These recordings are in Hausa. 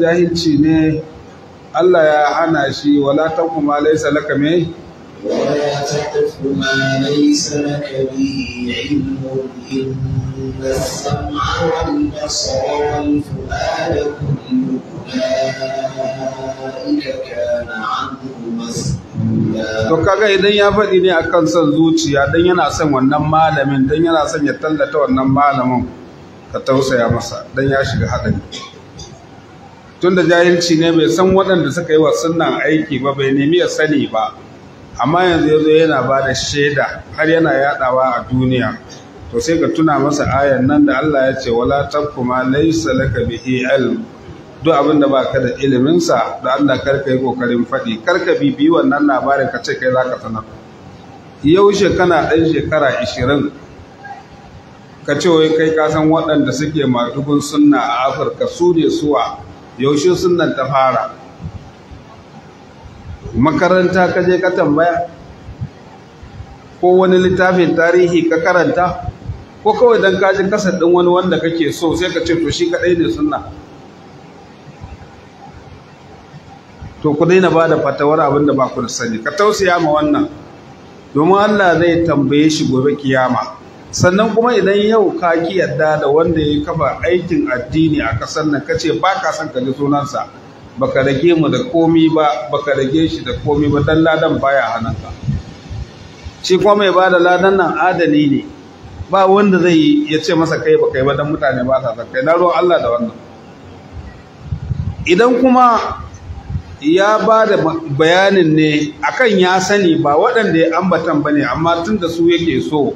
jahilci ne Allah ya hana shi wala taqu ma laisa laka me To kaga idan ya faɗi ne akan son zuciya don yana son wannan malamin don yana son ya tallata wannan malamin ka tausaya masa Don ya shiga haɗari. Tun da jahilci ne bai san waɗanda suka yi wa sunan aiki ba bai nemi ya sani ba amma yanzu ya zo yana ba da shaida har yana yadawa a duniya to sai ka tuna masa ayan nan da Allah ya ce wala takuma laysa laka bihi ilm duk abin da baka da ilimin sa da Allah karka yi kokarin faɗi karka bibi wannan labarin ka ce kai zaka sanar yaushe kana ɗan shekara 20 ka ce wai kai ka san waɗanda suke madugun sunna a Afirka su ne suwa yaushe sunan ta fara makaranta ka je ka tambaya ko wani littafin tarihi ka karanta ko kawai don ka ji kasar ɗin wani wanda kake so sai ka ce to shi kaɗai ne sunna to ku daina ba da fatawar abin da ba ku da sani ka tausaya ma wannan domin Allah zai tambaye shi gobe kiyama sannan kuma idan yau ka ki yadda da wanda ya kafa aikin addini a kasar nan ka ce ba ka son ka ji sunansa baka rage mu da komi ba baka rage shi da komi ba dan ladan baya hananka shi kuma mai ba da ladan nan adali ne ba wanda zai yi ya ce masa kai ba kai ba dan mutane ba sa kai na ruwan Allah da wannan idan kuma ya ba da bayanin ne akan ya sani ba waɗanda ya ambatan ba ne amma tun da su yake so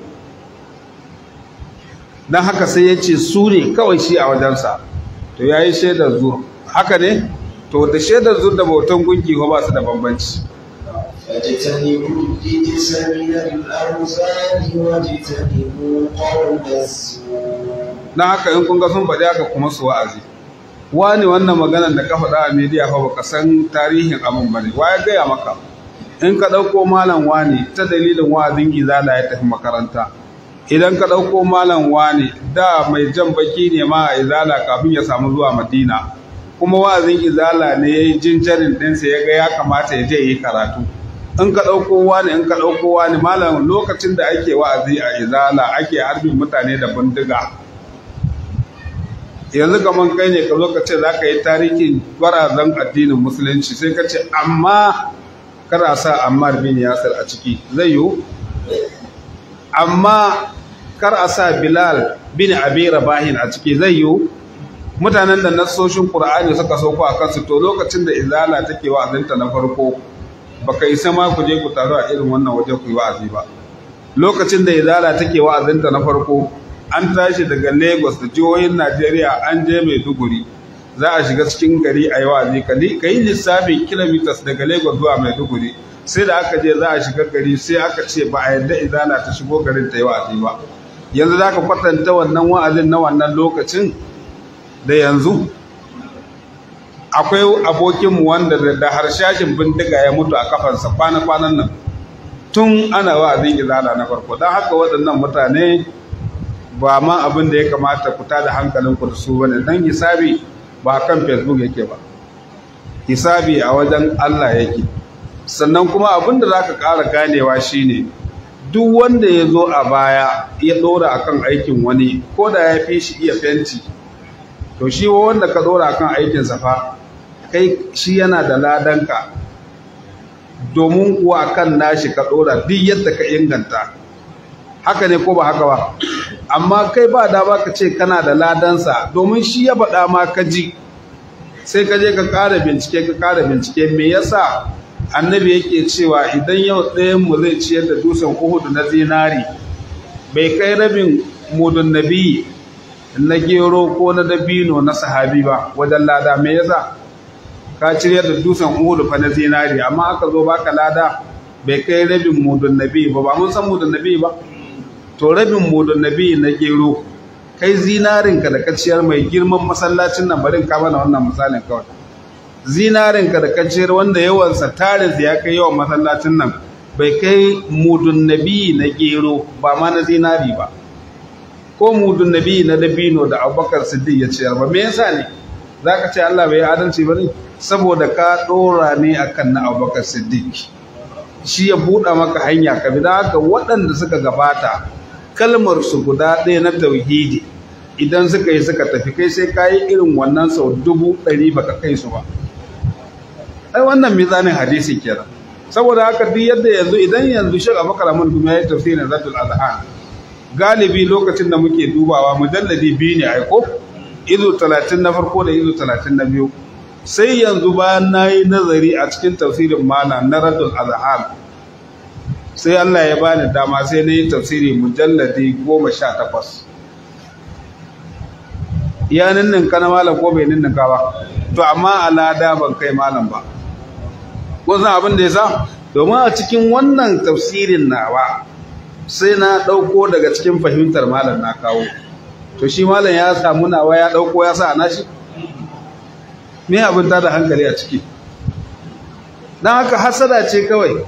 dan haka sai ya ce su ne kawai shi a wajensa to ya yi shaidar zur haka ne to da shaidar zur da bautan gunki ko ba su da bambanci na haka in kun ga sun faɗi haka kuma su wa'azi wani wannan maganar da ka faɗa a media fa baka san tarihin abin bane wa ya gaya maka in ka ɗauko malam wani ta dalilin wa'azin izala ya tafi makaranta idan ka ɗauko malam wani da mai jan baki ne ma a izala kafin ya samu zuwa madina kuma wa'azin izala ne ya yi jinjarin ɗinsa ya ga ya kamata ya je yi karatu in ka ɗauko wani in ka ɗauko wani malam lokacin da ake wa'azi a izala ake harbin mutane da bindiga yanzu kamar kai ne ka zo ka ce za ka yi tarihin gwarazan addinin musulunci sai ka ce amma kana sa amma bin yasir a ciki zai yiwu amma kar a sa bilal bin abi rabahin a ciki zai yiwu mutanen da nassoshin ƙura'ani suka sauko a kansu to lokacin da izala take wa'azinta na farko baka isa ma ku je ku taru a irin wannan waje ku yi wa'azi ba lokacin da izala take wa'azinta na farko an tashi daga lagos da jihohin najeriya an je maiduguri za a shiga cikin gari a yi wa'azi ka yi lissafin kilomitas daga lagos zuwa maiduguri sai da aka je za a shiga gari sai aka ce ba a yadda izala ta shigo garin ta yi wa'azi ba yanzu za ka kwatanta wannan wa'azin na wannan lokacin da yanzu akwai abokinmu wanda da harshashin bindiga ya mutu a kafansa kwana-kwanan nan tun ana wa'azin izala na farko don haka waɗannan mutane ba ma abin da ya kamata ku da hankalinku da su wani Dan hisabi ba kan facebook yake ba hisabi a wajen allah yake sannan kuma abin da za ka ƙara ganewa shine duk wanda ya zo a baya ya ɗora a kan aikin wani ko da ya fi shi iya fenti to shi wanda ka ɗora a kan aikinsa fa kai shi yana da ladanka domin kuwa kan nashi ka ɗora duk yadda ka inganta haka ne ko ba haka ba amma kai ba da ba ka ce kana da ladansa domin shi ya faɗa ma ka ji sai ka je ka ƙara bincike ka ƙara bincike me yasa annabi yake cewa idan yau ɗayan mu zai ciyar da dusan uhudu na zinari bai kai rabin mudun nabi na gero ko na dabino na sahabi ba wajen lada me yasa ka ciyar da dusan uhudu fa na zinari amma aka zo baka lada bai kai rabin mudun nabi ba ba mun san mudun nabi ba to rabin mudun nabi na gero kai zinarin ka da kaciyar mai girman masallacin nan barin ka bana wannan misalin kawai zinarin karkaciyar wanda yawansa tarin ya kai yawan masallacin nan bai kai mudun nabi na gero ba ma na zinari ba ko mudun nabi na dabino da abubakar siddiq ya ciyar ba me yasa ne zaka ce Allah bai adalci ba ne saboda ka dora ne akan na abubakar siddiq shi ya buɗa maka hanya ka bi haka waɗanda suka gabata kalmar su guda ɗaya na tauhidi idan suka yi suka tafi kai sai ka yi irin wannan sau dubu ɗari baka kai su ba ai wannan mizanin hadisi kenan saboda haka duk yadda yanzu idan yanzu shi abubakar amin kuma ya yi tafsirin zadul azhan galibi lokacin da muke dubawa mujalladi biyu ne ai ko izo talatin na farko da izo talatin na biyu sai yanzu bayan na yi nazari a cikin tafsirin mana na radul azhan sai Allah ya bani dama sai na yi tafsiri mujalladi goma sha takwas ya na malam ko bai ninninka ba to amma da ban kai malam ba ko abin da ya sa domin a cikin wannan tafsirin nawa sai na ɗauko daga cikin fahimtar malam na kawo to shi malam ya samu nawa ya ɗauko ya sa nashi me abin da hankali a ciki dan haka hasada ce kawai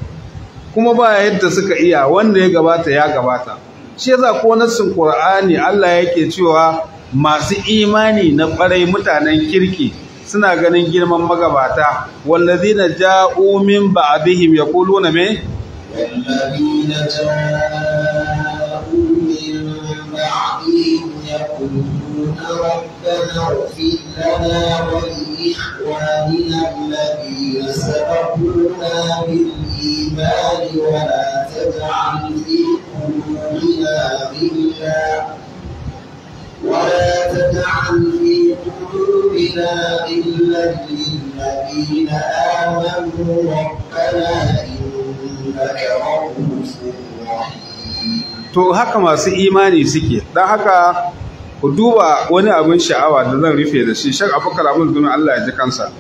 kuma ba yadda suka iya wanda ya gabata ya gabata shi yasa ko nassin Qur'ani Allah yake cewa masu imani na ƙwarai mutanen kirki suna ganin girman magabata wallazina ja'u min ba yaquluna me wallazina ja'u min ba'dihim يقولون ربنا اغفر لنا ولإخواننا الذين To haka masu imani suke, don haka ku duba wani abin sha'awa da zan rufe da shi, shek abu abin dunin Allah ya ji kansa.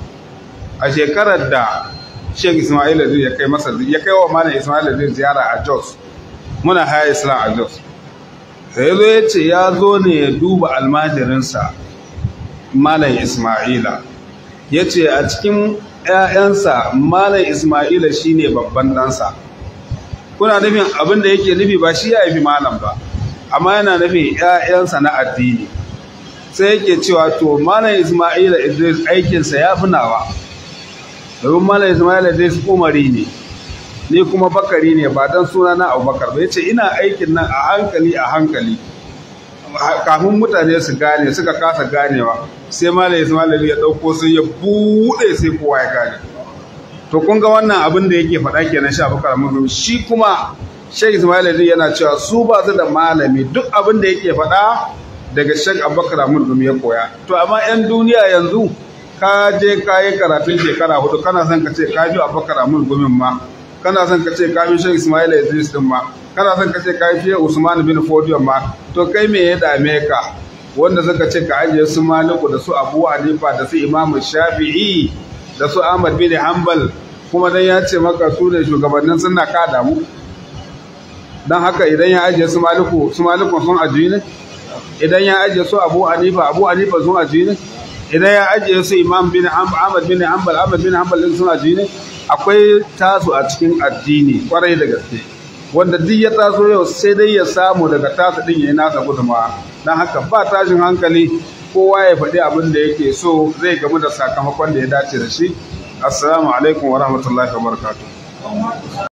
A shekarar da shek Ismail ya kai masa ya kai wa mana Ismail ziyara a Jos, muna haya Islam a Jos. Sai zo ya ce ya zo ne ya duba almajirinsa malam isma'ila ya ce a cikin 'ya'yansa malam isma'ila shine babban ɗansa kuna nufin abin da yake nufi ba shi ya haifi malam ba amma yana nufin 'ya'yansa na addini sai yake cewa to malam isma'ila idris aikinsa ya fi nawa domin malam isma'ila idris umari ne ni kuma bakari ne ba don suna na abubakar ba ya ce ina aikin nan a hankali a hankali kafin mutane su gane suka kasa ganewa sai malam malai ya dauko sai ya bude sai kowa ya gane to kun ga wannan abin da yake faɗa kenan sha bakar mu. shi kuma Sheikh Ismail yana cewa su ba su da malami duk abin da yake faɗa daga Sheikh Abubakar Murdum ya koya to amma 'yan duniya yanzu ka je ka yi karatun shekara hudu kana son ka ce ka bi Abubakar ma kana son ka ce ka bi Sheikh Ismail ali din ma kana son ka ce ka Usman bin Fodio ma to kai me ya dame ka wanda suka ce ka ajiye su maliku da su abu hanifa da su imamu shafi'i da su ahmad bin hanbal kuma dan ya ce maka su ne shugabannin suna ka damu dan haka idan ya ajiye su maliku su maliku sun ajiye ne idan ya ajiye su abu hanifa abu hanifa sun ajiye ne idan ya ajiye su imam bin ahmad bin hanbal ahmad bin hanbal sun ajiye ne akwai tasu a cikin addini kwarai da gaske wanda duk ya taso yau sai dai ya samu daga tasa din yi nasa gudunmawa dan haka ba tashin hankali kowa ya faɗi abin da yake so zai gamu da sakamakon da ya dace da shi assalamu alaikum wa rahmatullahi wa barakatuh